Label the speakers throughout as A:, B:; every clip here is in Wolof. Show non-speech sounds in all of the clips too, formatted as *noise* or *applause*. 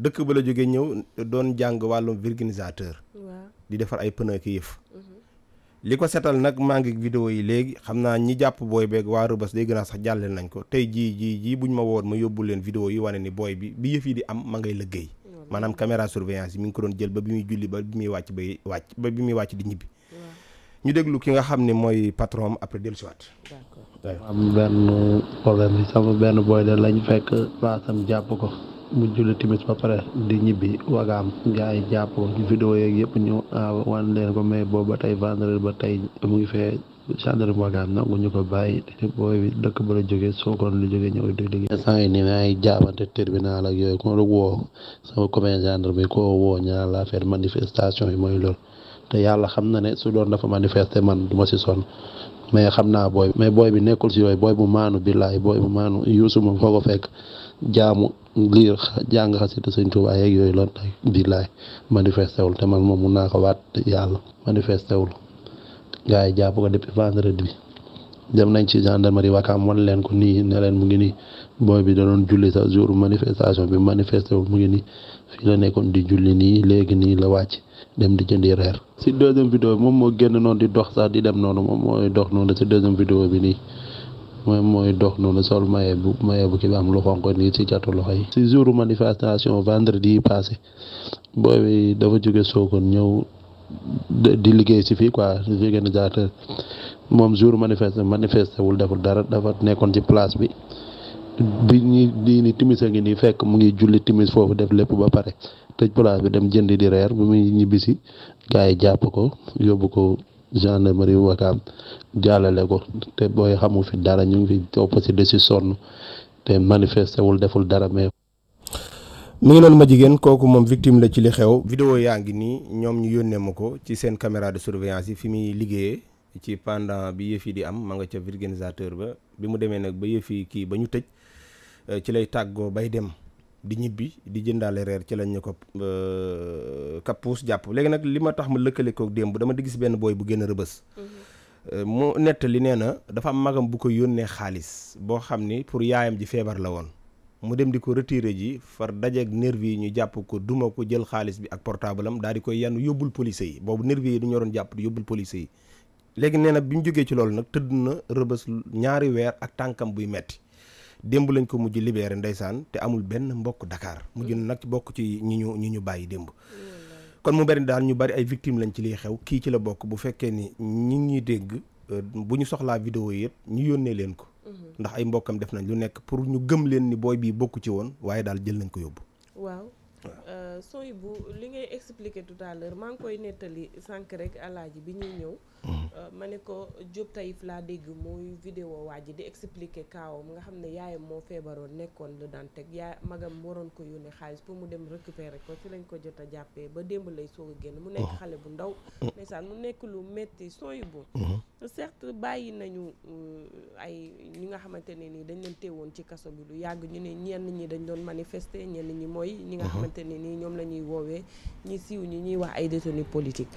A: dëkk ba la jógee ñëw doon jàng wàllum vulcanisateur. di defar ay pneu ki yëf. Mhm. li ko setal nag maa ngi vidéo yi léegi xam naa ñi jàpp booy beeg waa Rëbës day gën a sax jàllale nañ ko tey jii jii jii buñ ma woon ma yóbbu leen vidéo yi wane ni booy bi bi yëf yi di am ma ngay liggéey maanaam caméra surveillance yi mi ngi ko doon jël ba bi muy julli ba bi muy wàcc bay wàcc ba bi muy wàcc di ñibbi. ñu déglu ki nga xam ni mooy patron am après dellusiwaat.
B: d'accord am benn problème lañ fekk baasam jàpp ko. mu julli timis ba pare di ñibbi wagaam gars yi jàpp ko vidéo yëpp ñu ah, wan leen ko mais boobu ba tey vendredi ba tey mu ngi fee gendarme wagaam nangu ñu ko bàyyi te bi dëkk ba la jógee soogoon lu jógee ñëw dégg dégg instant yi nii maa ngi jaabante tribunal ak yooyu ko woo sama commune gendarme ko woo ñaar la affaire manifestation yi mooy lool te yàlla xam na ne su doon dafa manifester man du ma si sonn mais xam naa booy mais booy bi nekkul si yooyu booy bu maanu billaay booy bu maanu yuusu moom foo ko fekk jaamu liir jàng xasida sëñ Tuubaa yeeg yooyu loolu tey billaay manifesté wul te man moom mun naa ko waat yàlla manifesté wul gars yi jàpp ko depuis vendredi bi dem nañ ci gendarmerie Wakaam wan leen ko nii ne leen mu ngi nii booy bi da doon julli sa jour manifestation bi manifesté wul mu ngi nii fii la nekkoon di julli nii léegi nii la wàcc dem di jëndi reer. si deuxième vidéo bi moom moo génn noonu di dox sax di dem noonu moom mooy dox noonu si deuxième vidéo bi nii. moom mooy dox noonu sol maye bu maye bu ki bi am lu xonq nii ci catu loxo yi ci jouru manifestation vendredi yi passé booy bi dafa jóge Sokone ñëw di liggéey ci fii quoi organisateur moom jour manifeste manifesté wul deful dara dafa nekkoon ci place bi bi ñuy di ni timis a ngi nii fekk mu ngi julli timis foofu def lépp ba pare tëj place bi dem jënd di reer bi muy ñibbisi gars yi jàpp ko yóbbu ko gendarmerie wakaam jàllale ko te booy xamul fi dara ñu ngi fi topp si de si sonn te manifesté wul deful dara mais. mi ngi
A: noonu ma jigéen kooku moom victime la ci li xew. vidéo yaa ngi nii ñoom ñu yónnee ma ko ci seen caméra de surveillance yi fi muy liggéeyee ci pendant bi yëf di am ma nga ca organisateur ba bi mu demee nag ba yëf kii ba ñu tëj ci lay tàggoo bay dem. di ñibbi di jëndaale reer ci lañ ñu ko euh, kappuus jàpp léegi nag li ma tax ma lëkkale kook démb dama di gis benn booy bu génn rëbës mm-hmm. euh, mu nettali nee na dafa am magam bu ko yónnee xaalis boo xam ni pour yaayam ji feebar la woon mu dem di ko retiré ji far dajeeg nervi yi ñu jàpp ko duma ko jël xaalis bi ak portable am daal di koy yanu yóbbul police yi boobu nervi yi du ñoroon jàpp di yóbbul police yi léegi nee na bi ñu jógee ci loolu nag tëdd na rëbës ñaari weer ak tànkam buy metti démb lañ ko mujj libéré ndeysaan te amul benn mbokk dakaar mujj na nag bokk ci ñi ñu ñi ñu bàyyi démb kon mu bari daal ñu bari ay victimes lañ ci liy xew kii ci la bokk bu fekkee ni ñi ñuy dégg euh, bu ñu soxlaa vidéo yëpp ñu yónnee leen ko mhm. ndax ay mbokkam def nañ lu nekk pour ñu gëm leen ni booy bii bokk ci woon waaye daal jël nañ ko yóbbu
C: waaw euh, sooy bu li ngay expliqué tout maa ngi koy nettali sànq rek alaaji bi ñuy ñëw Euh, ma ne ko Diop Taïf laa dégg muy vidéo waa ji di expliquer kaawam nga xam ne yaayam moo feebaroon nekkoon lu daan teg yaa magam waroon ko yónnee xaalis pour mu dem récupérer ko ci lañ ko jot a jàppee ba démb lay soog génn mu nekk mm-hmm. xale bu ndaw mm-hmm. ndeysaan mu nekk lu metti sooy bu mm-hmm. certes bàyyi nañu euh, ay ñi nga xamante ne nii dañ leen teewoon ci kaso bi lu yàgg ñu ne ñenn ñi dañ doon manifester ñenn ñi mooy ñi nga xamante ne nii ñoom la ñuy woowee ñi siiw ñi ñuy wax ay détenus politiques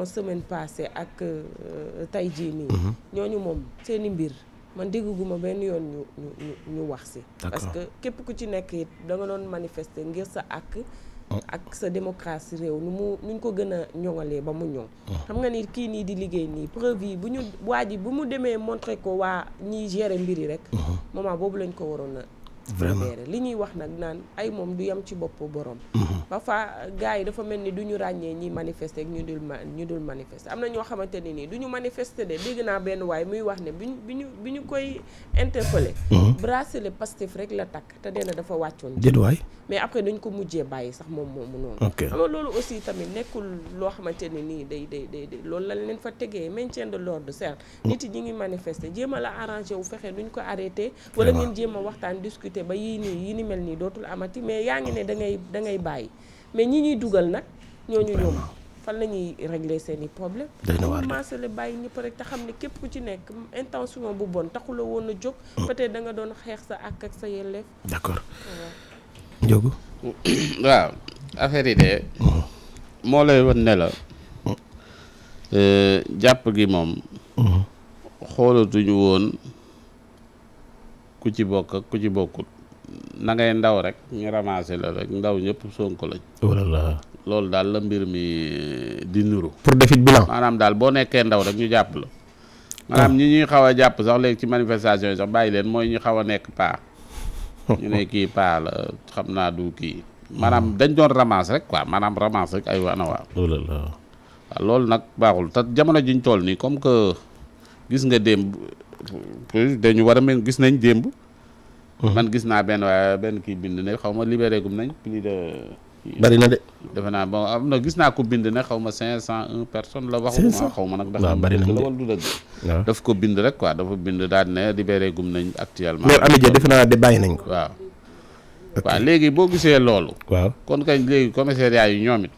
C: événement semaine passée ak euh, tey jii nii. Mhm. ñooñu moom seeni mbir man dégguma benn yoon ñu ñu ñu wax si. parce que képp ku ci nekk it da doon manifester ngir sa ak oh. ak sa démocratie réew nu mu nuñ ko gën a ñoŋalee ba mu ñoŋ. Oh. xam nga ni kii nii di liggéey nii preuve bu ñu waa ji bu mu demee montre ko waa ñiy gérer mbir yi rek. Mhm. moment boobu lañ ko waroon a. vraiment li ñuy wax nag naan ay moom du yam ci boppu borom. parfois mhm. gars yi dafa mel ni du ñu ràññee ñi manifester ak ñu dul ma ñu dul manifester am na ñoo xamante ne nii du ñu manifester de dégg benn waay muy wax ne bi ñu bi ñu bi ñu koy interpellé. Mhm. bracelet Pastef rek la takk te dena dafa wàccoon. déet waay mais après dañ ko mujjee bàyyi sax moom moomu noonu. ok aussi tamit nekkul loo xamante ne nii day day day loolu lañ leen fa tegee maintien de l'ordre certes. Mhm. nit yi ñu ngi manifester jéem a la arrangé wu fexe duñ ko arrêté. wala ngeen jéem a waxtaan discuter député ba yii nii yi ni mel nii dootul amati mais yaa ngi ne da ngay da ngay bàyyi mais ñi ñuy dugal nag ñooñu ñoom fan la ñuy régler seen i problème commencé bàyyi ñëpp rek te xam ne képp ku ci nekk intention bu bon taxuloo woon a jóg mm. peut-être danga doon xeex sa ak ak sa yelleef d'accord *coughs*
D: waaw affaire yi de mm. moo lay wan ne la mm. euh, jàpp gi moom xoolatuñu woon ku ci bokk ak ku ci bokkut na ngay ndaw rek ñu ramassé la rek ndaw ñëpp Sonko lañ. wallaahi oh daal la mbir mi eh, di nuru.
A: pour defit bilan
D: maanaam daal boo nekkee ndaw rek ñu jàpp la. maanaam ñi ñuy xaw a jàpp sax léegi ci manifestation yi sax bàyyi leen mooy ñu xaw a nekk paa. ñu ne kii paa la xam naa du kii. maanaam hmm. dañ doon ramasse rek quoi maanaam ramasse rek ay wana oh waaw. loolu nag baaxul te jamono jiñ toll nii comme que gis nga démb. dañu war a mel gis nañ démb. Uh-huh. man gis naa benn waaye benn kii bind ne xaw ma libéré gum nañ plus de. bari na de. defe naa ba am na gis naa ko bind ne xaw ma 501 personnes la. waxu xaw ma nag. waaw bari nañ de wala du ko bind rek quoi dafa bind daal ne libéré gum nañ actuellement. mais Ami Dia defe naa de bàyyi nañ ko. waaw. waaw léegi boo gisee loolu. waaaa kon kañ léegi commissariat yi ñoom it.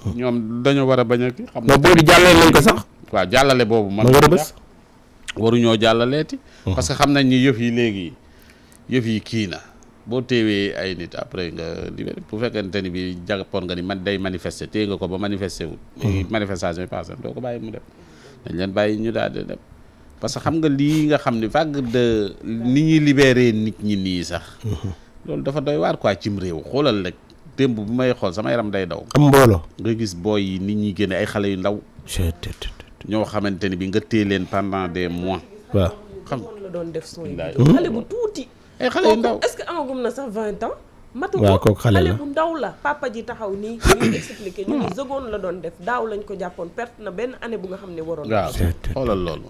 D: Uh-huh. ñoom dañoo war a bañ a xam nga boobu jàllale nañ ko sax. waaw jàllale boobu. man nga rëbës waruñoo jàllaleeti. parce que xam nañ ni yëf yi léegi yëf yi kii na boo téewee ay nit après nga libéré bu fekkente ni bi jàppoon nga ni man day manifester téye nga ko ba manifester wul. léegi manifestation doo ko bàyyi mu dem dañ leen bàyyi ñu daal parce que xam nga lii nga xam ni vague de ni ñuy libéré nit ñi nii sax. loolu dafa doy waar quoi cim réew xoolal rek démb bu may xool sama yaram day daw. am mbooloo nga gis booy yi nit ñi génne ay xale yu ndaw. ñoo xamante ni bi nga téye leen pendant des mois. waaw
C: xam nga. la doon def sooy. xale bu tuuti. ay xale yu ndaw est-ce que amagum na sax vingt ans. matu ko xale bu ndaw la papa ji taxaw nii ñuy *coughs* expliqué ñu ni seconde hmm. la doon def daaw lañ ko jàppoon perte na benn année bu nga xam ne waroon waaw
D: xoolal loolu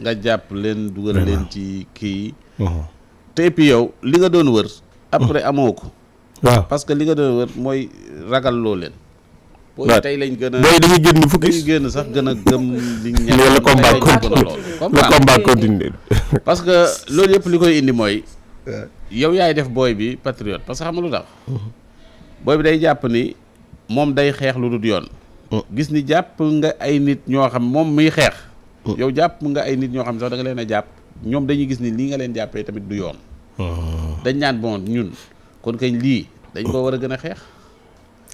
D: nga jàpp leen dugal leen ci kii uh-huh. te puis yow li nga doon wër après uh-huh. amoo ko waaw parce que li nga doon wër mooy ragal loo leen booy tey lañ gën a booy dañuy génn focus dañuy génn sax gën a gëm li ñu. le combat continue le combat continue parce que loolu yëpp li koy indi mooy. yow yaay def booy bi patriote parce que xam nga booy bi day jàpp ni moom day xeex lu dul yoon. gis ni jàpp nga ay nit ñoo xam moom muy xeex. yow jàpp nga ay nit ñoo xam sax da nga leen a jàpp ñoom dañuy gis ni lii nga leen jàppee tamit du yoon. Ah. dañ ñaan bon ñun kon kañ lii. dañ koo war a gën a xeex.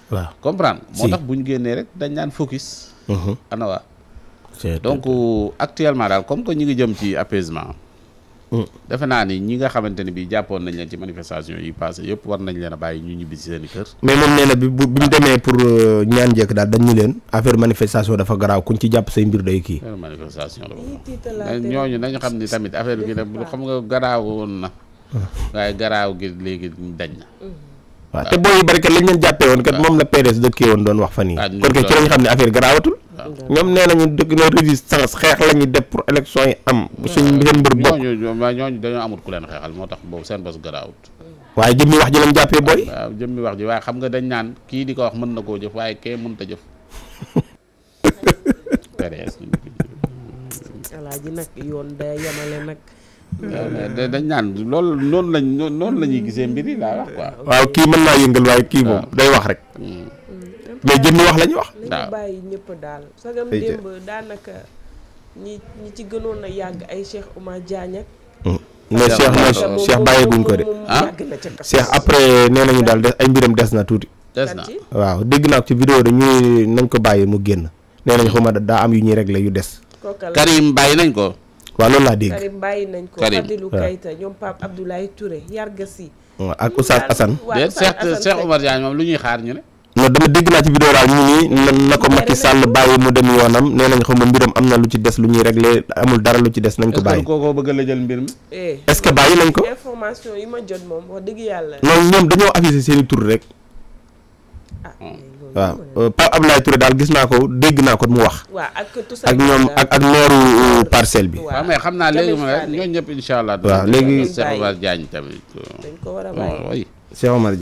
D: waaw comprendre moo tax bu ñu génnee rek dañ naan focus. Uh-huh. anawaa donc euh, actuellement daal comme que ñu ngi jëm ci apaisement. Hmm. defe naa ni ñi nga xamante ni bii jàppoon nañ leen ci manifestation yi passé yëpp war nañ leen a bàyyi ñu ñibbi si seen i kër. mais moom
A: nee na bi bu bi mu demee pour euh, ñaan njëkk daal dañ ñu leen affaire manifestation dafa garaaw kuñ ci jàpp say mbir day kii.
D: affaire manifestation dafa ñooñu nañu xam ni tamit affaire bi nag xam nga garaaw woon na. Hmm. waaye garaaw gi léegi ñu na. Hmm.
A: waaw te booy yu bari kat lañ leen jàppee woon kat moom la PDS dëkkee woon doon wax fan yii kon kay ci lañ xam ne affaire garaawatul ñoom nee nañu dëkk na résistance xeex la ñuy def pour élection yi am suñ seen mbir bokk
D: ku leen xeexal moo tax boobu seen bos garaawut waaye jëmmi wax ji lañ jàppee booy waaw jëmmi wax ji waaye xam nga dañ naan kii di ko wax mën na koo jëf waaye kee mënta jëf PDS
C: *laughs* ji nag yoon day yemale nag dañ
D: naan loolu noonu lañ noonu la ñuy gisee mbir yi laa wax quoi. waaw kii mën naa yëngal waaye kii moom day wax rek. Hmm. mais jëmmi wax la ñuy wax. waaw nañu
C: daal. daanaka ci gënoon a yàgg ay Cheikh Oumar Diagne ak. Hmm.
A: mais Cheikh mooy Cheikh ko de. ah Cheikh après nee nañu daal des ay mbiram des na tuuti. des na waaw dégg naa ko ci vidéo de ñu nañ ko bàyyi mu génn nee nañ ma daa am yu rek la yu des. Karim bàyyi nañ ko. waaw loolu laa dégg Karim bàyyi nañ ko Fadilou Keita
C: ñoom Pape Abdoulaye Touré Yarga Sy ak Oustaz Assane de Cheikh
D: Cheikh Oumar Diagne lu ñuy xaar ñu ne
A: non dama dégg naa ci vidéo daal ñu ni na ko Macky Sall bàyyi mu dem yoonam nee nañ xam ma mbiram am na lu ci des lu ñuy réglé amul dara lu ci des nañ ko bàyyi kookoo bëgg la jël mbir mi
D: eh, est-ce que bàyyi
C: nañ ko information yi ma jot moom wax dëgg yàlla non
A: ñoom dañoo affiché seen i tur rek Ah, hmm. waaw euh, Pape Abdoulaye Touré daal gis naa ko dégg naa ko mu wax. waaw ak ñoom ak ak nooru euh, parcelle bi. waaw
D: xam naa léegi moom rek allah. waaw léegi Cheikh Omar dañ ko
A: war